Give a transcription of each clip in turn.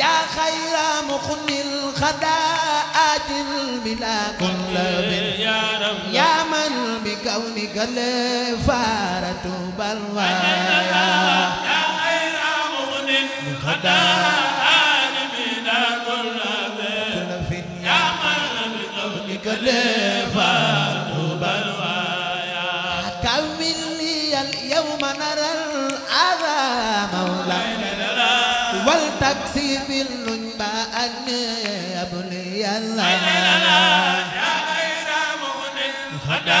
yaa xayra muxnil xadaa ajil bila kulla bin yaa man bi kawnika la faaratu balwaaya yaa xayra muxnil xadaa wal taksi bil luñ ba an abli yàlla ya ayra mu'min hada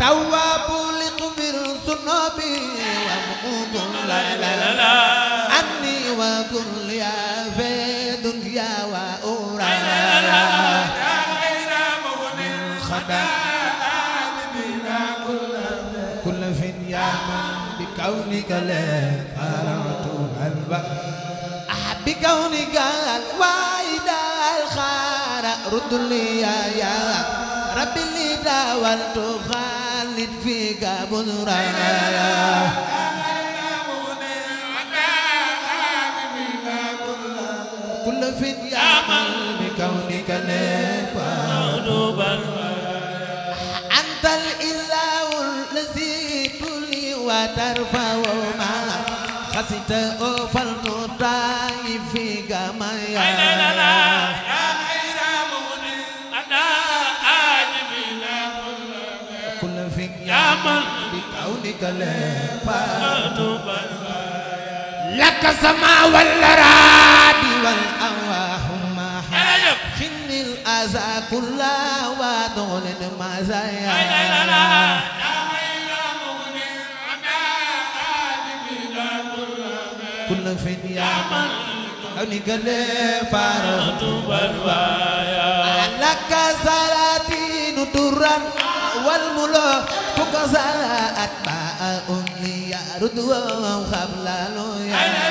تواب لقبر ذنوبي ومقوم لا لا لا عني وكل يا في دنيا وأورا لا لا لا بكونك لا قرأت الوقت بكونك الوائد الخار رد لي يا رب اللي داولت خالد فيك بذرا كل فين وترفع ما خسيت فلنطائف كما يا لك سما والراد والأواهما خن الأذى كلا ودول المزايا شرف يا من حنك فارت بروايا لك سلاتين درا والملوك كساءت ماء أمني ردوا قبل لويا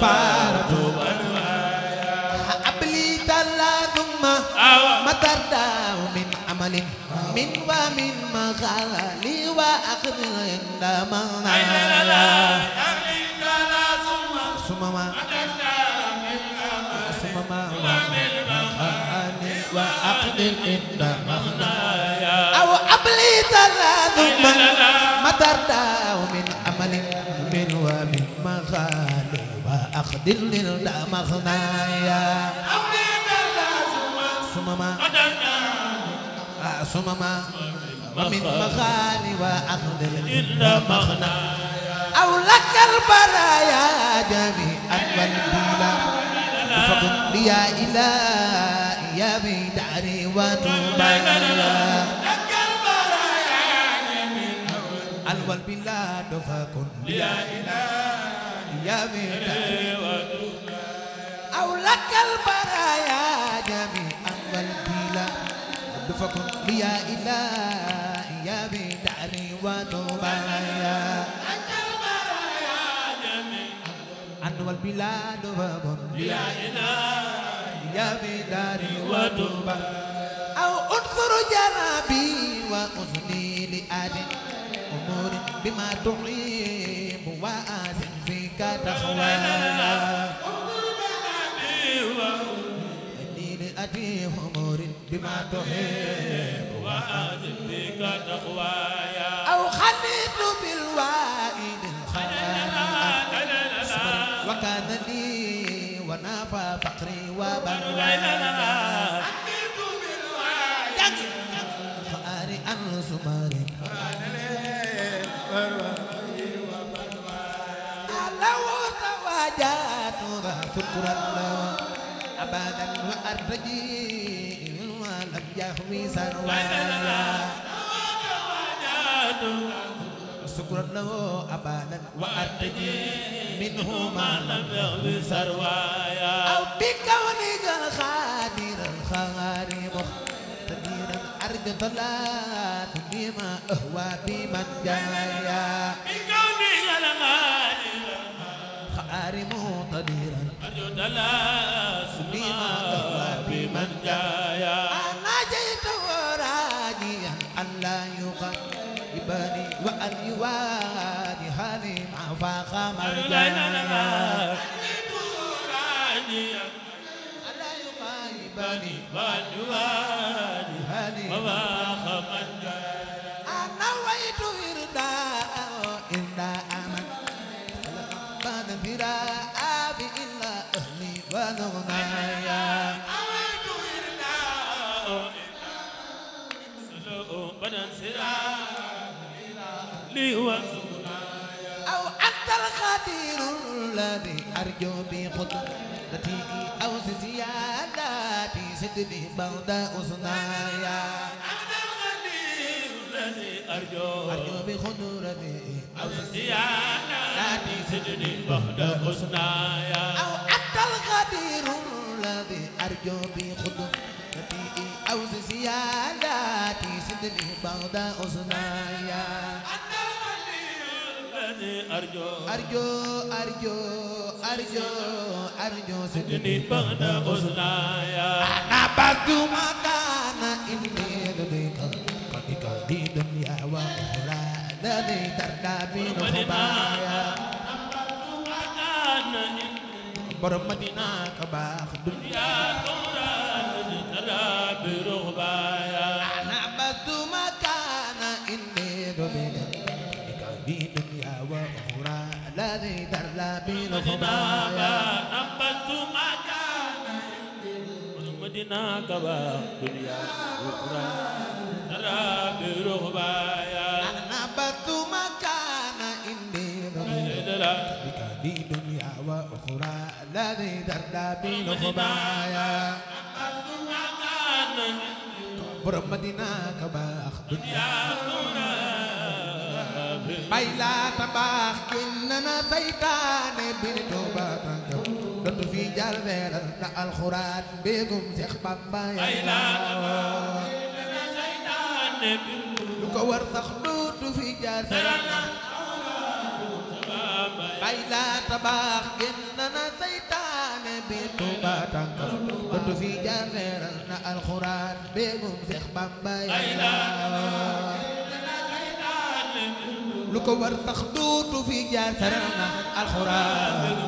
Bye. ومن ومن مخالي وأخذ عندما ثم ما ثم ما ومن مخالي وأخذ عندما أو أبلي ثم مدرت من أمل من ومن مخالي وأخذ عندما أبلي ثم ما سمما ومن مغاني وأخذل إلا مغنى أو لك البرايا جميعا والبيلا فقل لي يا إلهي يا بداري وتبايا لك البرايا جميعا والبلاد فقل لي يا إلهي يا بداري وتبايا أو لك البرايا جميعا والبيلا فقل لي يا إلهي يا بدعري وتوبايا عن والبلاد وبن يا إلهي يا بداري وتوبا أو أنصر جنابي وأزني لآل أمور بما تعيب وآزن فيك تخوايا أنصر جنابي وأزني لآل بما تحب وأعذبك تقوايا أو خليت بالوائد الخلايا وكان لي ونافى فقري وبلوايا فأري أن زمري لو تواجهت فكرا أبدا وأرجي جهميزا ولا سكرا له أبانا وأرتجي منه ما لم يغفر سروايا أو بكونك الخادر الخاري مختديرا أرجو لا بما أهوى بمن جايا بكونك الخادر خاري مختديرا أرجو لا فاق مرجانا ألا يقاربني بدواني هذه وفاق مرجانا أنا ويت إرداء إرداء من قد فراء بإلا أهلي ونغنايا أويت إرداء إرداء سلوء بدن سراء لي وصول أنت الخبير الذي أرجو بقدرتك أوس زيادتي سدني بعد أصنايا أنت الخبير الذي أرجو أرجو بقدرتك أوس زيادتي سدني بعد أصنايا أو أنت الخبير الذي أرجو بقدرتك أوس زيادتي سدني بعد أصنايا أرجو أرجو أرجو أرجو أرجو سجني بعد غزلايا أنا بعد ما كان إني لديك قد قديد يا وأخرى لدي ترقى بين خبايا برمدينة كباخ دنيا دوران ترى بروح خطابا نبت مكانا يمضي مدينة كبا دنيا أخرى ترى برغبايا نبت مكانا إني بك دنيا وأخرى الذي درنا بنخبايا نبت مكانا برمدينة كبا دنيا أخرى bay laa tabaax nana saytaane bi ni Tuuba bantam dootu na alxuraan mbéegum Seex Bamba bay laa tabaax kin nana na bay laa tabaax kin na alxuraan mbéegum Seex Bamba lu ko war sax duutu fi jaar saral na alxuraan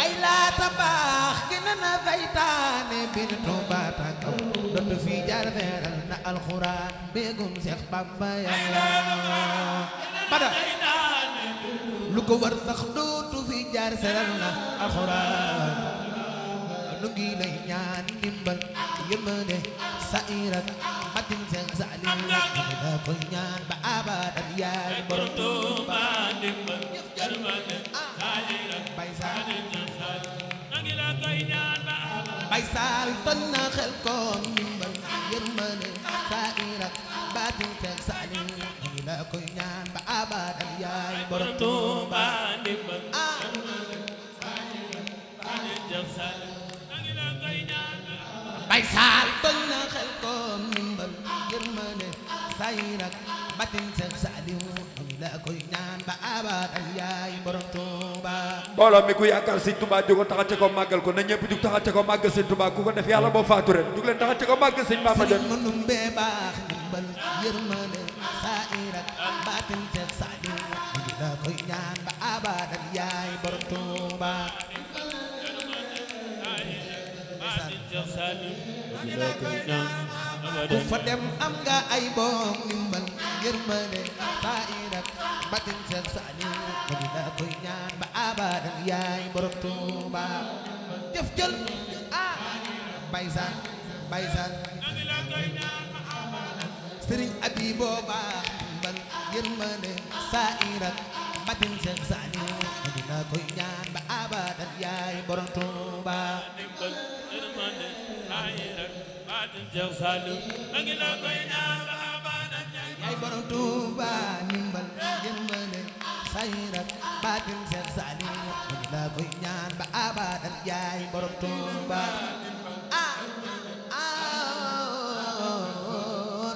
ay laata baax gëna na saytaane bin tuubaata kaw dootu fi jaar feeral na alxuraan mbéegum Seex Bamba yàlla bada lu ko war sax duutu fi jaar saral na alxuraan nu ngi lay ñaan ndimbal yëmane sa irat xadim seen saali da koy ñaan ba abadan yaay borom Tuuba ndimbal jalmane xaalira bay saali nangi la koy ñaan ba abadan bay saal fan na xel koom ndimbal yërmane saira baatin seen saali nangi la koy ñaan ba abadan yaay borom Tuuba ndimbal bay saal yaay nag batin seen saaliw ñu la koy ñaan ba abadan yaay borom Touba mbooloo mi ku yaakaar sëñ Touba jóg taxate ko màggal ko na ñëpp jug taxate ko màggal sëñ Touba ku ko def yàlla boo faatu ren jug leen taxate ko màggal sëñ Bamba dem mënum bee baax ndimbal yërmande saa irak batin seen saaliw ñu la koy ñaan ba abadan yaay borom Touba ñu la ku fa am nga ay boom ndimbal yërmande baa'irat batin seen saani ba dina koy ñaan ba abadan yaay borom Tuuba jëf jël ah bay saan bay saan sëriñ abi booba ndimbal yërmande saa'irat batin seen saani ba dina koy ñaan ba abadan yaay borom Tuuba Cheikh Saliou ma ngi la koy ñaan ba abada yaay borom Touba ndimbal ndimbale sayir ak baatin Cheikh Saliou ma ngi la koy ñaan ba abada yaay borom Touba ah ah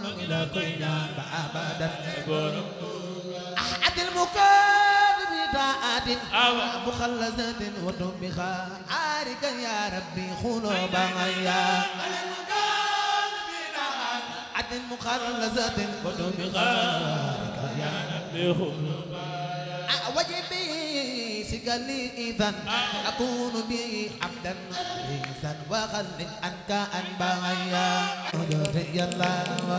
ma ngi la koy ñaan ba abada borom Touba ahadil mukadim taatin mukhalladatin wa tubiha arika ya rabbi khuluba ya من مخلصة قدوم غارك يا وجبي سجلي إذا أكون به عبدا إذا وخل أنك أنبغيا أدري الله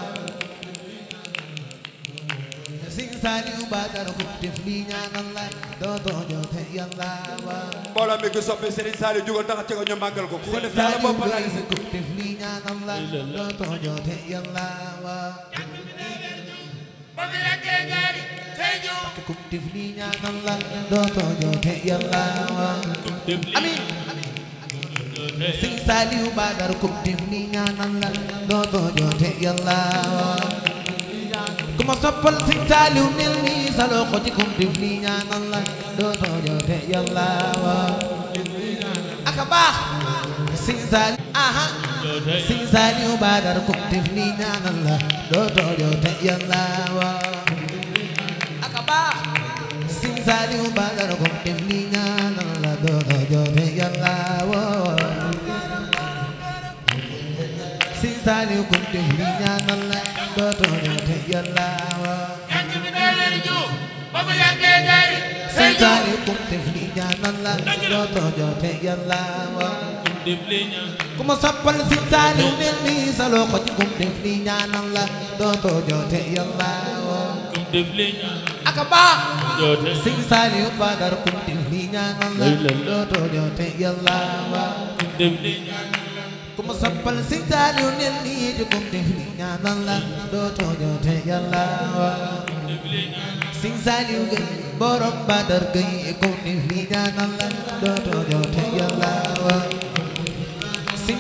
sinsaani yu baakar ku def lii ñaanal la doo doo joote yàlla waa mbooloo mi gi soppi Serigne Saliou jugal tax ci nga ñu màggal ko ku ko def yàlla bopp la def lii سبحان الله لو تهجو تي الله كم تفلي نعم الله لو تهجو تي الله أمين سين سالي وبادر كم تفلي نعم الله لو تهجو تي الله كم صبل سين سالي وملني سالو خدي كم تفلي نعم الله لو تهجو تي الله أكبر sëñ Saliou aha sëñ Saliou Badara kum def ni ñaanal la dootoo joo te yàlla waaw aka baax sëñ Saliou Badara kum def ni ñaanal la dootoo joo te yàlla waaw sëñ Saliou kum def ni ñaanal la dootoo joo te yàlla waaw sëñ Saliou kum def ni ñaanal la dootoo joo te yàlla waaw ku ma soppal si taaliw ci kum def li ñaanal la dootoo joote yàlla aka baax sëñ Saliou kum def la dootoo joote ni ñaanal la dootoo joote yàlla sëñ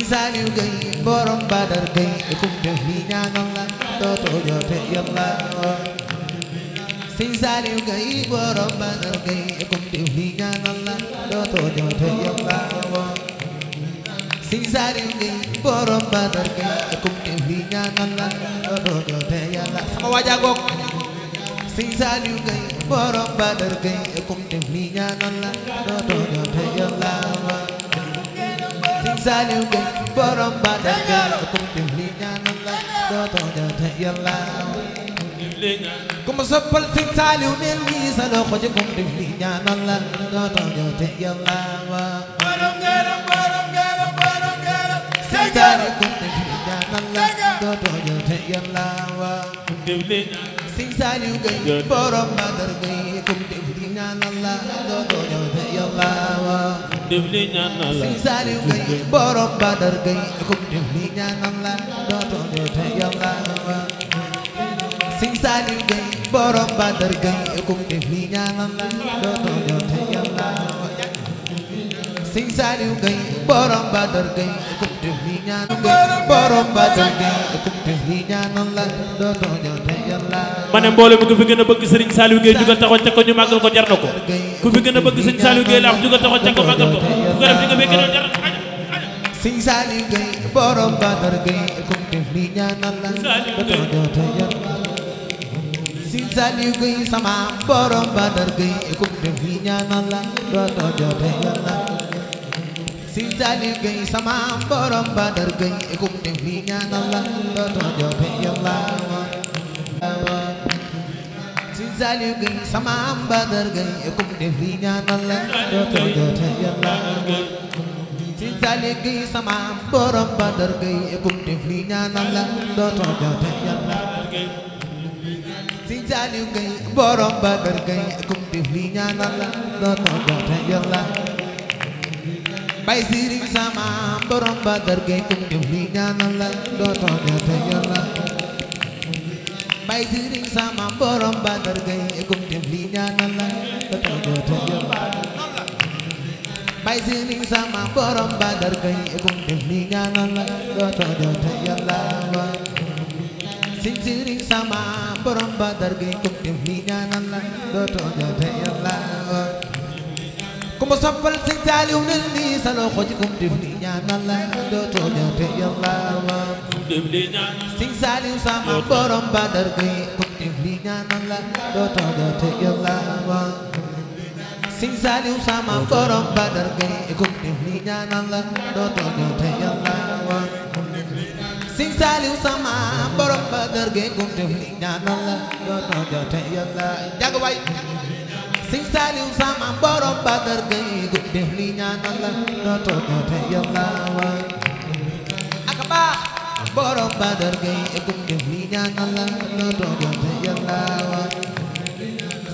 Saliou Gueye borom Badar Gueye kum def borom Badar Gueye kum def li ñaanal la sama waaja Saliou Gueye borom Batal Ngalla ku mu dimbali ñaanal la dootoo joote yàlla ku mu la dootoo joote yàlla borom Ngalla borom Ngalla borom Ngalla Sëñ Saliou ku mu dimbali ñaanal la la dootoo def li ñaanal la si Saliou Gueye borom Badar Gueye kum def li ñaanal la dooto dooto yow la si Saliou Gueye borom Badar Gueye kum def li ñaanal la dooto sëñ Saliou Gueye borom Badar Gueye kum def li ñaanu Gueye la dootoo jotee yàlla ma ne mbooloo mi ku gën a bëgg Serigne Saliou Gueye jugal taxaw ca ko ñu màggal ko jar na ko ku fi gën a bëgg Serigne Saliou Gueye la jugal taxaw ca ko màggal ko ku ko def di nga fekk doon jar sëñ Saliou Gueye borom Badar Gueye la dootoo jotee yàlla sëñ Sëñ Saliou Gueye li ñaanal la dootoo joote yàlla Sëñ Saliou Gueye sama Badar Gueye la dootoo joote yàlla Sëñ Saliou Gueye sama li ñaanal la dootoo joote yàlla Sëñ Saliou Gueye borom Badar Gueye e kum def li ñaanal la bay sëriñ sama borom ba dargay kum jëf li ñaanal la dootoo ñaata la dootoo ñaata bay sëriñ sama borom ba dargay kum jëf ñaanal la dootoo dootoo ñaata yàlla ku ma soppal sëñ Saaliw nel nii sa loxo ci kum def li ñaanal la dootoo ñaate yàlla wa sëñ Saaliw sama borom badar gay kum def li ñaanal la dootoo ñaate yàlla wa sëñ Saaliw sama borom badar gay kum def li ñaanal la dootoo ñaate yàlla wa sëñ Saaliw sama borom badar gay kum def li ñaanal la dootoo ñaate yàlla jàng waay sëñ Saliou sama borom Badar Gueye gu def li ñaanal la dootoo ñoote yàlla wa ak baax borom Badar Gueye gu def li ñaanal la dootoo ñoote yàlla wa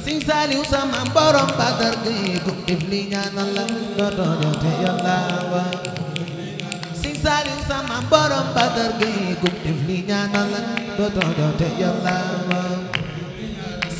sëñ Saliou sama borom Badar Gueye gu def li ñaanal la dootoo ñoote yàlla wa sëñ Saliou sama borom Badar Gueye gu def li ñaanal la dootoo ñoote yàlla wa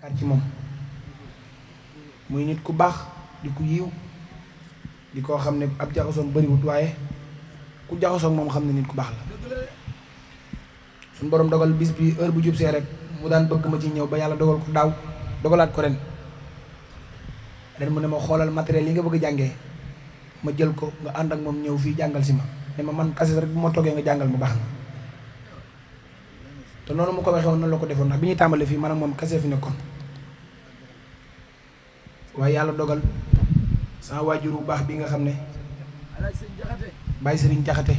yaakaar ci moom muy nit ku baax di ku yiw di koo xam ne ab jaxasoon bariwut waaye ku jaxasoon moom xam ne nit ku baax la suñ borom dogal bis bi heure bu jubsee rek mu daan bëgg ma ci ñëw ba yàlla dogal ko daaw dogalaat ko ren ren mu ne ma xoolal matériel yi nga bëgg jàngee ma jël ko nga ànd ak moom ñëw fii jàngal si ma ne ma man kase rek bu ma toogee nga jàngal mu baax na te noonu mu ko waxee woon noonu la ko defoon ndax bi ñuy tàmbali fii maanaam moom kaset fi nekkoon waaye yàlla dogal sama waajur bu baax bi nga xam ne bàyyi sëriñ jaxate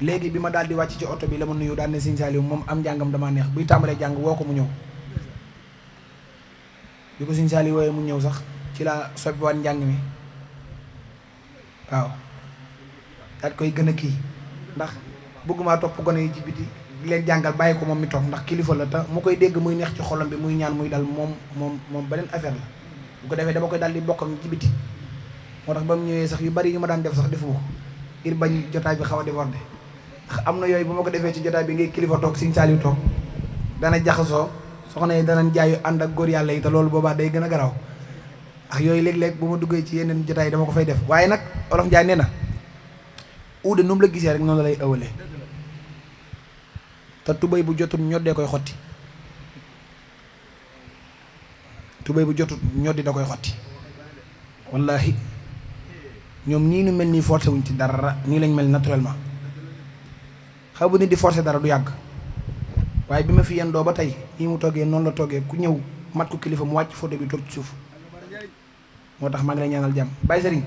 léegi bi ma daal di wàcc ci oto bi la ma nuyu daal ne sëriñ Saliou moom am njàngam damaa neex buy tàmbalee jàng woo ko mu ñëw bi ko sëriñ Saliou wooyee mu ñëw sax ci laa soppiwaat njàng mi waaw daal koy gën a kii ndax bëgguma topp gone yi ci biti di leen jàngal bàyyi ko moom mi toog ndax kilifa la mu koy dégg muy neex ci xolam bi muy ñaan muy dal moom moom moom beneen affaire la bu ko defee dama koy daal di bokkam ci biti moo tax ba mu ñëwee sax yu bari yu ma daan def sax defu ko ngir bañ jotaay bi xaw a déborder ndax am na yooyu bu ma ko defee ci jotaay bi ngay kilifa toog Sëñ Saaliw toog dana jaxasoo soxna yi danañ jaayu ànd ak góor yàlla yi te loolu boobaa day gën a garaaw ndax yooyu léeg-léeg bu ma duggee ci yeneen jotaay dama ko fay def waaye nag olof Njaay nee na uude nu mu la gisee rek noonu lay ëwalee te tubéy bu jotul ñoddee koy xotti tubéy bu jotut di da koy xotti wallahi ñoom nii nu mel nii forcé wuñ ci dara nii lañ mel naturellement xaw bu nit di forcé dara du yàgg waaye bi ma fi yendoo ba tey nii mu toggee noonu la toggee ku ñëw mat ko kilifa mu wàcc photo bi toog ci suuf moo tax maa ngi lay ñaanal jàmm Baye Serigne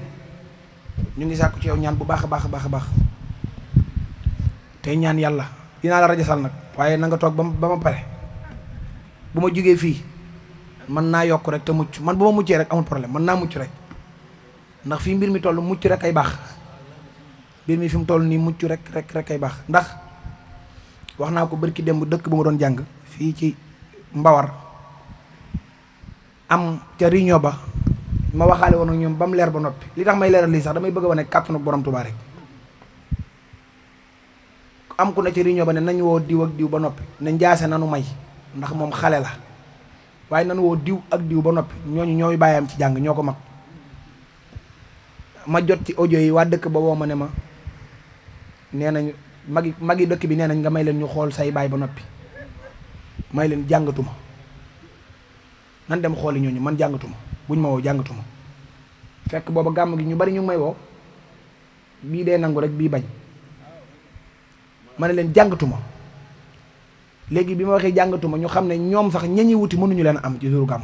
ñu ngi sàkku ci yow ñaan bu baax a baax a baax a baax tey ñaan yàlla dinaa la rajasal nag waaye na nga toog ba ma pare bu ma jógee fii mën naa yokk rek te mucc man bu ma muccee rek amul problème mën naa mucc rek ndax fii mbir mi toll mucc rek ay baax mbir mi fi mu toll nii mucc rek rek rek ay baax ndax wax naa ko bërki démb dëkk bu ma doon jàng fii ci Mbawar am ca réunion ba ma waxaale woon ak ñoom ba mu leer ba noppi li tax may leeral lii sax damay bëgg a wane kàttanu borom Tuubaa rek am ku ne ci réunion ba ne nañ woo diw ak diw ba noppi ne njaase nanu may ndax moom xale la waaye nan woo diw ak diw ba noppi ñooñu ñooy baayam ci jàng ñoo ko mag ma jot ci audio yi waa dëkk ba woo ma ne ma nee nañ magi magi dëkk bi nee nañ nga may leen ñu xool say baay ba noppi may leen jàngatuma nan dem xooli ñooñu man jàngatuma buñ ma woo jàngatuma fekk boobu gàmm gi ñu bari ñu may woo bii dee nangu rek bii bañ ma ne leen jàngatuma léegi bi ma waxee jàngatuma ñu xam ne ñoom sax ñu ñuy wuti mënuñu leen am ci suuru gàmm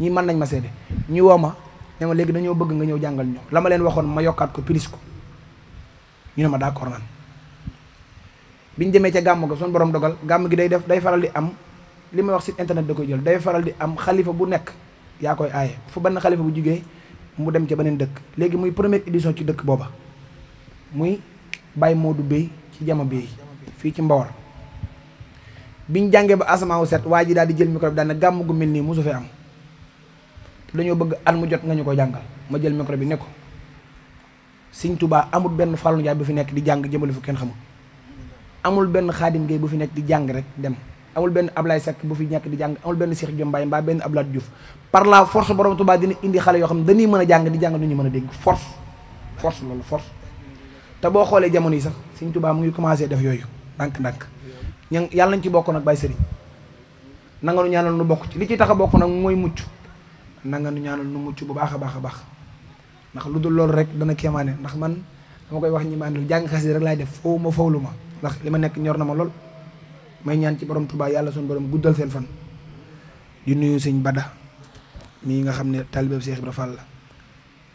ñii mën nañ ma seede ñu woo ma ne léegi dañoo bëgg nga ñëw jàngal ñu la ma leen waxoon ma yokkaat ko pilis ko ñu ne ma d'accord naan biñ demee ca gàmm ga suñu borom dogal gàmm gi day def day faral di am li may wax si internet da koy jël day faral di am xalifa bu nekk yaa koy aaye fu benn xalifa bu jugee mu dem ca beneen dëkk léegi muy première édition ci dëkk booba muy Baye Modou Bey ci jama Bey ci Mbawar biñ jàngee ba asamaaw set waa ji daal di jël micro bi daal na gàmm gu mel nii mosu fee am te dañoo bëgg at mu jot nga ñu ko jàngal ma jël micro bi ne ko Sëñ Tuubaa amul benn Fallou Ndiaye bu fi nekk di jàng jëmale fu kenn xamul amul benn Xaadim Gueye bu fi nekk di jàng rek dem amul benn Ablaye sekk bu fi nekk di jàng amul benn Cheikh Jombaay mbaa benn Abdoulaye Diouf par la force borom Tuubaa dina indi xale yoo xam ne dañuy mën a jàng di jàng nu ñu mën a dégg force force loolu force te boo xoolee jamono yi sax Sëñ Tuubaa mu commencé def yooyu ndànk-ndànk ña yàlla nañ ci bokk nag bàyyi sëriñ nanga nu ñaanal nu bokk ci li ci tax a bokk nag mooy mucc nanga nu ñaanal nu mucc bu baax a baax a baax ndax lu dul loolu rek dana kéemaane ndax man dama koy wax ñi ma àndal jàng xasida rek laay def foofu ma lu ma ndax li ma nekk ñor na ma lool may ñaan ci borom Tuubaa yàlla suñu borom guddal seen fan di nuyu sëñ Bada mii nga xam ne taalibeeb Seex Ibra Fall la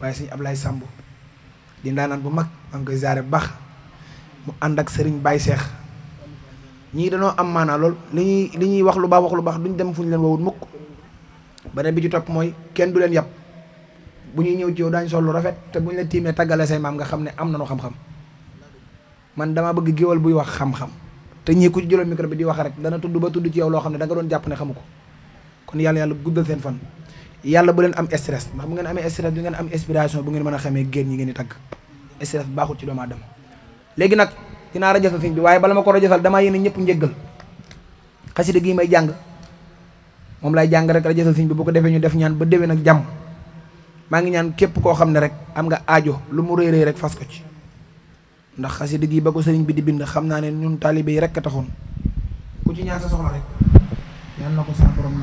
waaye sëñ Ablaye Samb di ndaanaan bu mag maa ngi bu baax mu ànd ak sëriñ Baye Seex ñii dañoo am maanaa lool li ñuy li ñuy wax lu baax wax lu baax duñ dem fu ñu leen wowut mukk beneen bi ci topp mooy kenn du leen yàpp bu ñuy ñëw ci yow daañ sol lu rafet te bu ñu la tiimee tàggale say maam nga xam ne am nañu xam-xam man dama bëgg géwal buy wax xam-xam te ñii ku ci jëloon micro bi di wax rek dana tudd ba tudd ci yow loo xam ne danga doon jàpp ne xamu ko kon yàlla yàlla guddal seen fan yàlla bu leen am stress ndax bu ngeen amee stress du ngeen am inspiration bu ngeen mën a xamee génn ñi ngeen di tagg stress baaxul ci doomu aadama léegi nag dinaa rajasal sëñ bi waaye bala ma ko rajasal damaa yéene ñëpp njëggal xasida gi may jàng moom lay jàng rek rajasal sëñ bi bu ko defee ñu def ñaan ba déwén ak jàmm maa ngi ñaan képp koo xam ne rek am nga aajo lu mu rëy rek fas ko ci ndax xasida gii ba ko sëriñ bi di bind xam naa ne ñun taalibe yi rek a taxoon ku sa soxla rek yal sa borom